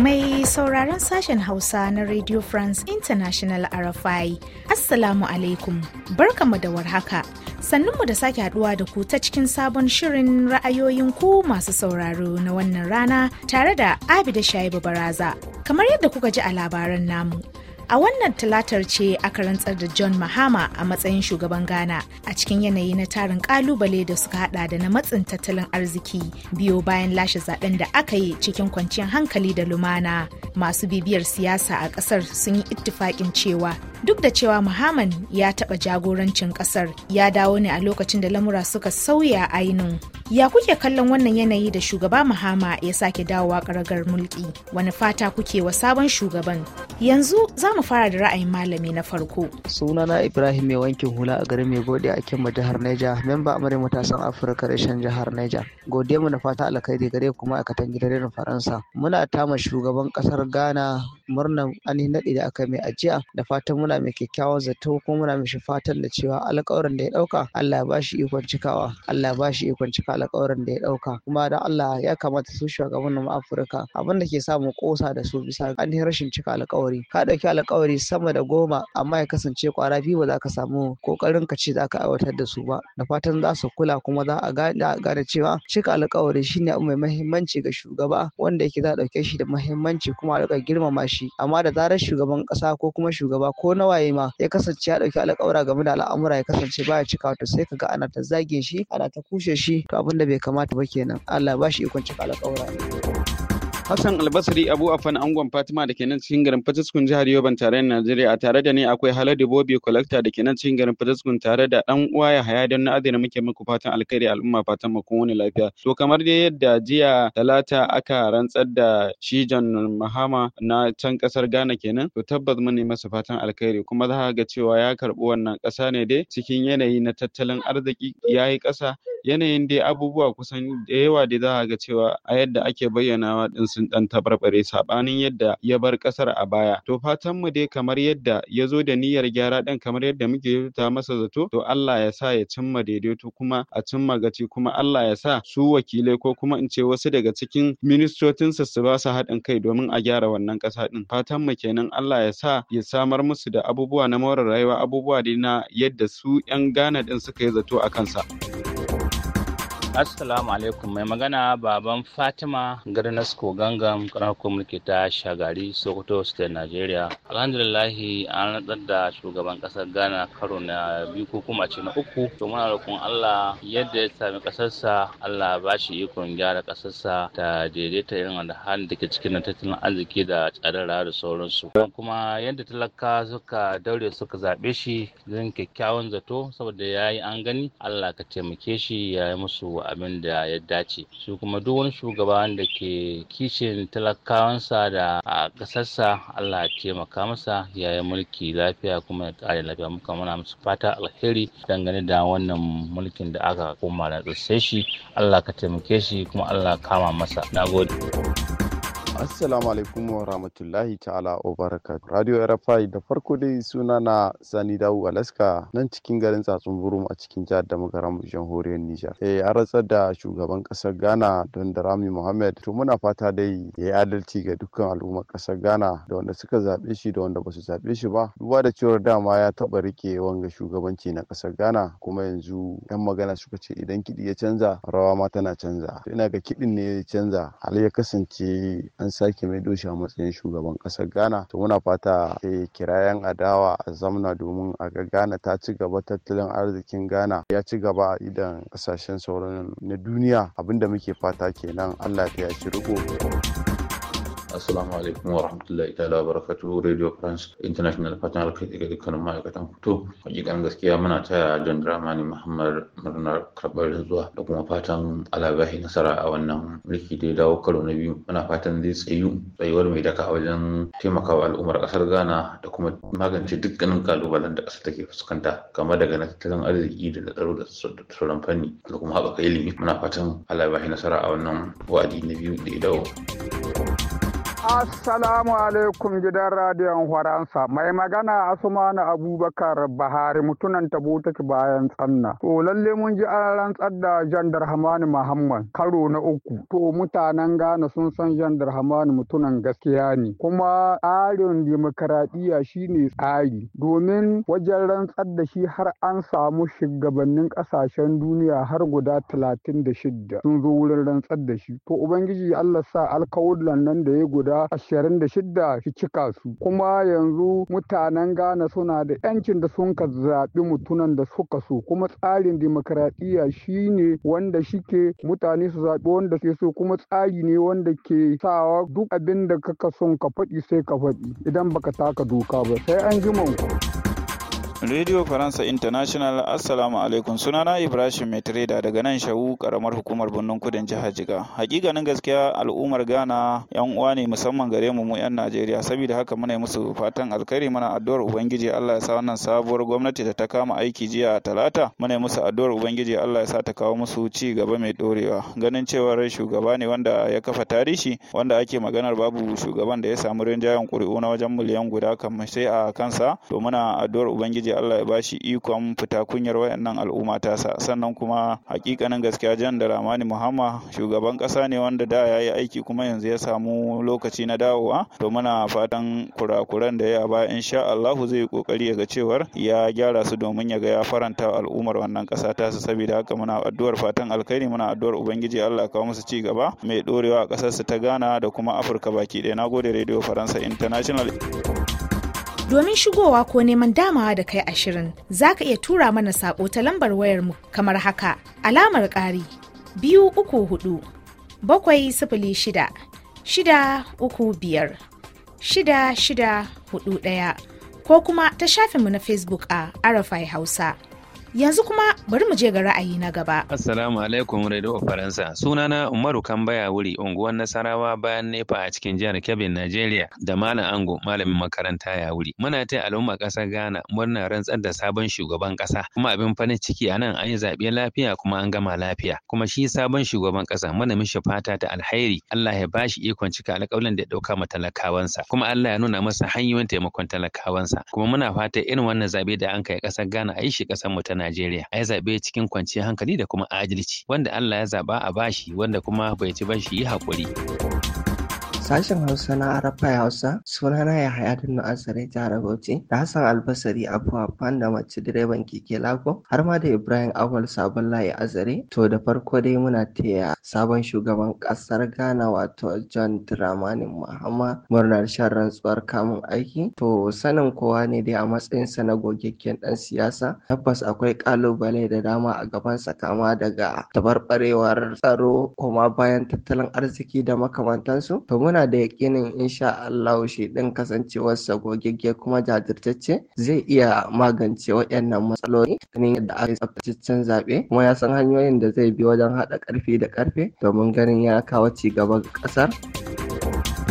Mai sauraron sashen Hausa na Radio France International RFI, Assalamu alaikum, barkamu da warhaka. Sannunmu da sake haɗuwa da ku ta cikin sabon shirin ra'ayoyin ku masu sauraro na wannan rana tare da Abida Shaibu Baraza. Kamar yadda kuka ji a labaran namu, A wannan talatar ce aka rantsar da John Mahama a matsayin shugaban Ghana a cikin yanayi na tarin kalubale da suka hada da na matsin tattalin arziki biyo bayan lashe zaben da aka yi cikin kwanciyar hankali da lumana. Masu bibiyar siyasa a kasar sun yi ittifakin cewa duk da cewa muhammad ya taɓa jagorancin ƙasar ya dawo ne a lokacin da lamura suka sauya ainihin ya kuke kallon wannan yanayi da shugaba muhammad ya sake dawowa karagar mulki wani fata kuke wa sabon shugaban yanzu za mu fara da ra'ayin malami na farko sunana ibrahim mai wankin hula a garin mai gode a kyanma jihar neja memba amurin matasan afirka reshen jihar neja gode mu da fata alkhairi gare kuma katan gidan faransa muna tama shugaban kasar ghana murnar ainihin naɗi da aka mai ajiya da fatan muna muna mai kyakkyawan zato kuma muna mishi fatan da cewa alƙawarin da ya ɗauka Allah ya bashi ikon cikawa Allah ya bashi ikon cika alƙawarin da ya ɗauka kuma da Allah ya kamata su shugabannin Afirka abin da ke sa mu kosa da su bisa yi rashin cika alƙawari ka ɗauki alƙawari sama da goma amma ya kasance kwara biyu ba za ka samu ƙoƙarin ka ce za ka aiwatar da su ba da fatan za su kula kuma za a gane cewa cika alƙawari shine abu mai mahimmanci ga shugaba wanda yake za a ɗauke shi da mahimmanci kuma a riƙa girmama shi amma da zarar shugaban ƙasa ko kuma shugaba ko ko na waye ma ya kasance ya dauki alƙawura game da al'amura ya kasance baya cika to sai kaga ana ta zage shi ana ta kushe shi to abin da bai kamata ba kenan Allah ba shi ikon cika alƙawura ne. Hassan Albasari Abu Afan Angon Fatima da ke nan cikin garin Fatiskun jihar tare da Najeriya a tare da ni akwai Haladu Bobi Collector da ke nan cikin garin Fatiskun tare da dan uwa ya haya don na adana muke muku fatan alkhairi al'umma fatan mu kun wani lafiya. To kamar dai yadda jiya Talata aka rantsar da shi John Mahama na can kasar Ghana kenan to tabbas mun nemi masa fatan alkhairi kuma za ga cewa ya karbi wannan Ƙasa ne dai cikin yanayi na tattalin arziki ya yi ƙasa. yanayin dai abubuwa kusan da yawa da za a ga cewa a yadda ake bayyanawa din sun dan tabarbare sabanin yadda ya bar kasar a baya to fatan mu dai kamar yadda ya zo da niyyar gyara din kamar yadda muke ta masa zato to Allah ya sa ya cimma daidaito kuma a cimma gaci kuma Allah ya sa su wakilai ko kuma in ce wasu daga cikin ministocinsa su ba su haɗin kai domin a gyara wannan ƙasa ɗin. fatan mu kenan Allah ya sa ya samar musu da abubuwa na more rayuwa abubuwa dai na yadda su 'yan Ghana ɗin suka yi zato a kansa. Assalamu alaikum mai magana baban Fatima Garnasko Gangam karamar mulki ta Shagari Sokoto State Nigeria. Alhamdulillahi an rantsar da shugaban kasar Ghana karo na biyu ko kuma ce na uku. To muna roƙon Allah yadda ya sami kasarsa Allah ba shi ikon gyara kasarsa ta daidaita irin wanda halin da ke cikin tattalin arziki da tsadar da sauransu. Kuma yadda talaka suka daure suka zaɓe shi zan kyakkyawan zato saboda ya yi an gani Allah ka taimake shi ya yi musu abin da ya dace su kuma duk wani shugaba da ke kishin talakawansa da a ƙasarsa Allah ya taimaka masa ya yi mulki lafiya kuma ya ƙare lafiya muka muna musu fata alheri dangane da wannan mulkin da aka kuma da shi Allah ka taimake shi kuma Allah kama masa nagode Assalamu alaikum wa rahmatullahi ta'ala wa Radio RFI da farko dai suna na Sani Dawu Alaska nan cikin garin Tsatsun Burum a cikin jihar da magaram jamhuriyar Nijar. Eh an da shugaban kasar Ghana don Darami Mohammed. To muna fata dai ya yi adalci ga dukkan al'ummar kasar Ghana da wanda suka zaɓe shi da wanda basu su zaɓe shi ba. Duba da cewar dama ya taɓa rike wanga shugabanci na kasar Ghana kuma yanzu 'yan magana suka ce idan kiɗi ya canza rawa ma tana canza. Ina ga kiɗin ne ya canza hal ya kasance an sake mai doshi a matsayin shugaban kasar ghana to muna fata ya kira adawa a zamna domin a ga ghana ta ci gaba tattalin arzikin ghana ya ci gaba idan kasashen sauran na duniya abinda muke fata kenan allah ta ya ci riko Assalamu alaikum wa rahmatullahi ta'ala wa Radio France International fatan alkai daga dukkanin ma'aikatan fito. Hakikan gaskiya muna taya John Dramani Muhammad murnar karɓar zuwa da kuma fatan alabahi nasara a wannan mulki da ya dawo karo na biyu. Muna fatan zai tsayu tsayuwar mai daka a wajen taimakawa al'ummar ƙasar Ghana da kuma magance dukkanin kalubalen da kasa take fuskanta kama daga na tattalin arziki da tsaro da sauran fanni da kuma haɓaka ilimi. Muna fatan alabahi nasara a wannan wa'adi na biyu da ya dawo. Assalamu alaikum gidan radiyon Faransa mai magana Asmanu Abubakar Bahari mutunan tabo take bayan tsanna. To lalle mun ji an rantsar da Jandar Hamani Muhammad karo na uku. To mutanen Ghana sun san Jandar Hamani mutunan gaskiya ne kuma tsarin demokaradiyya shine tsari domin wajen rantsar da shi har an samu shugabannin kasashen duniya har guda talatin da shida, sun zo wurin rantsar da shi. To Ubangiji Allah sa alkawudlan nan da ya guda guda ashirin da shidda shi cika su kuma yanzu mutanen Ghana suna da yancin da sun ka zaɓi mutunan da suka so kuma tsarin demokradiyya shine wanda shike mutane su zaɓi wanda ke so kuma tsari ne wanda ke sawa duk abin da kaka son ka faɗi sai ka faɗi idan baka taka doka ba sai an ji manku. Radio Faransa International Assalamu alaikum sunana Ibrahim Metreda daga nan Shawu karamar hukumar Birnin Kudin jihar Jiga. Hakikanin gaskiya al'ummar Ghana yan uwa ne musamman gare mu mu yan Najeriya saboda haka muna musu fatan alkhairi muna addu'ar ubangiji Allah ya sa wannan sabuwar gwamnati da ta kama aiki jiya Talata muna musu addu'ar ubangiji Allah ya sa ta kawo musu ci gaba mai dorewa ganin cewa rai shugaba ne wanda ya kafa tarihi wanda ake maganar babu shugaban da ya samu rinjayen ƙuri'u na wajen miliyan guda kamar sai a kansa to muna addu'ar ubangiji Allah ya bashi ikon fita kunyar wayannan al'umma sa sannan kuma hakikanin gaskiya jan da Ramani Muhammad shugaban kasa ne wanda da ya yi aiki kuma yanzu ya samu lokaci na dawowa to muna fatan kurakuran da ya ba insha Allah zai yi kokari ga cewar ya gyara su domin ya ga ya faranta al'ummar wannan kasa tasa saboda haka muna addu'ar fatan alkhairi muna addu'ar ubangiji Allah kawo musu ci gaba mai dorewa a kasar su ta Ghana da kuma Afirka baki ɗaya nagode Radio Faransa International Domin shigowa ko neman damawa da kai ashirin za ka iya tura mana saƙo ta lambar wayarmu kamar haka alamar ƙari biyu uku hudu bakwai sifili shida shida uku biyar shida shida hudu ɗaya ko kuma ta shafinmu na Facebook a Arafai Hausa. Yanzu kuma bari mu je ga ra'ayi na gaba. Assalamu alaikum Radio Faransa. Sunana Umaru Kambaya Wuri, unguwar Nasarawa bayan Nefa a cikin jihar Kebbi, Najeriya, da Malam Ango, malamin makaranta ya wuri. Muna ta al'umma ƙasar Ghana murna rantsar da sabon shugaban ƙasa. Kuma abin farin ciki anan an yi zaɓe lafiya kuma an gama lafiya. Kuma shi sabon shugaban ƙasa muna mishi fata ta alheri. Allah ya bashi ikon cika alƙawalin da ya ɗauka ma talakawansa. Kuma Allah ya nuna masa hanyoyin taimakon talakawansa. Kuma muna fata irin wannan zaɓe da an kai ƙasar Ghana a yi shi ƙasar mu Najeriya a zaɓe cikin kwanciyar hankali da kuma adalci wanda Allah ya zaɓa a bashi wanda kuma bai ci ba shi yi haƙuri. Sashen Hausa na Arafai Hausa sunana ya haya da Na'asare jihar Bauchi da Hassan Albasari Abuwa Fanda mace direban keke Lago har ma da Ibrahim Awal Sabon Layi Azare. To da farko dai muna taya sabon shugaban kasar Ghana wato John Dramani Mahama murnar shan rantsuwar kamun aiki. To sanin kowa ne dai a matsayinsa na gogekken dan siyasa tabbas akwai kalubale da dama a gabansa kama daga tabarbarewar tsaro kuma bayan tattalin arziki da makamantansu. To muna da yakinin insha allahu shi din kasancewarsa gogegge kuma jajirtacce zai iya magance waɗannan matsaloli ganin yadda aka yi zaɓe kuma ya san hanyoyin da zai bi wajen haɗa ƙarfi da ƙarfe domin ganin ya kawo ci gaba ga ƙasar.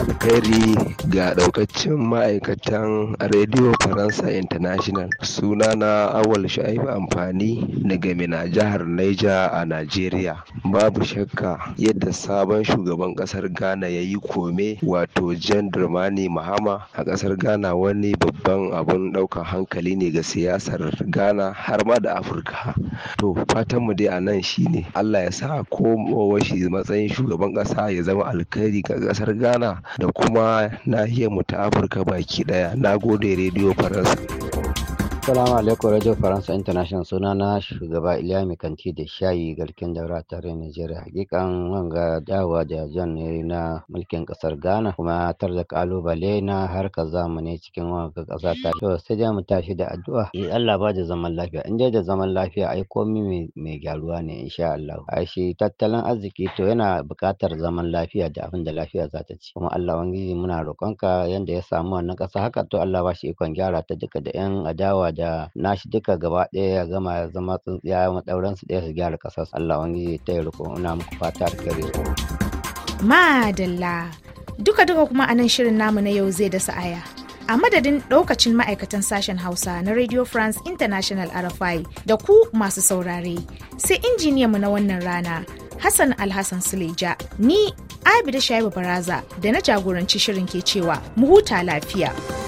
alkhairi ga daukacin ma'aikatan Radio Faransa International. suna na Awal Shu'aibu amfani daga Mina jihar Niger a Najeriya. Babu shakka yadda sabon shugaban kasar Ghana ya yi kome wato Jan Dramani Mahama a kasar Ghana wani babban abun daukan hankali ne ga siyasar Ghana har ma da Afirka. To fatanmu dai a nan shine Allah ya sa ko shi matsayin shugaban kasa ya zama alkhairi ga kasar Ghana da kuma mu ta Afirka baki ɗaya. Na gode Rediyo Faransa. Assalamu alaikum Radio Faransa International suna na shugaba Iliya Kanti da shayi garkin daura tare Najeriya. Hakikan wanga dawa da jan ne na mulkin kasar Ghana kuma tar da kalubale na harkar zamani cikin wanga kasa ta. To sai dai mu tashi da addu'a. Eh Allah ba da zaman lafiya. In dai da zaman lafiya ai komai mai gyaruwa ne insha Allah. A shi tattalin arziki to yana buƙatar zaman lafiya da abin da lafiya za ta ci. Kuma Allah wangiji muna roƙonka yanda ya samu wannan ƙasa haka to Allah ba shi ikon gyara ta duka da 'yan adawa da nashi duka gaba ɗaya ya gama ya zama tsintsiya maɗauran su ɗaya su gyara ƙasar Allah wani ta yi riko ina muku fata da gare Madalla duka duka kuma a nan shirin namu na yau zai dasa aya. a madadin ɗaukacin ma'aikatan sashen hausa na radio france international rfi da ku masu saurare sai mu na wannan rana hassan alhassan suleja ni abida shaibu baraza da na jagoranci shirin ke cewa mu huta lafiya.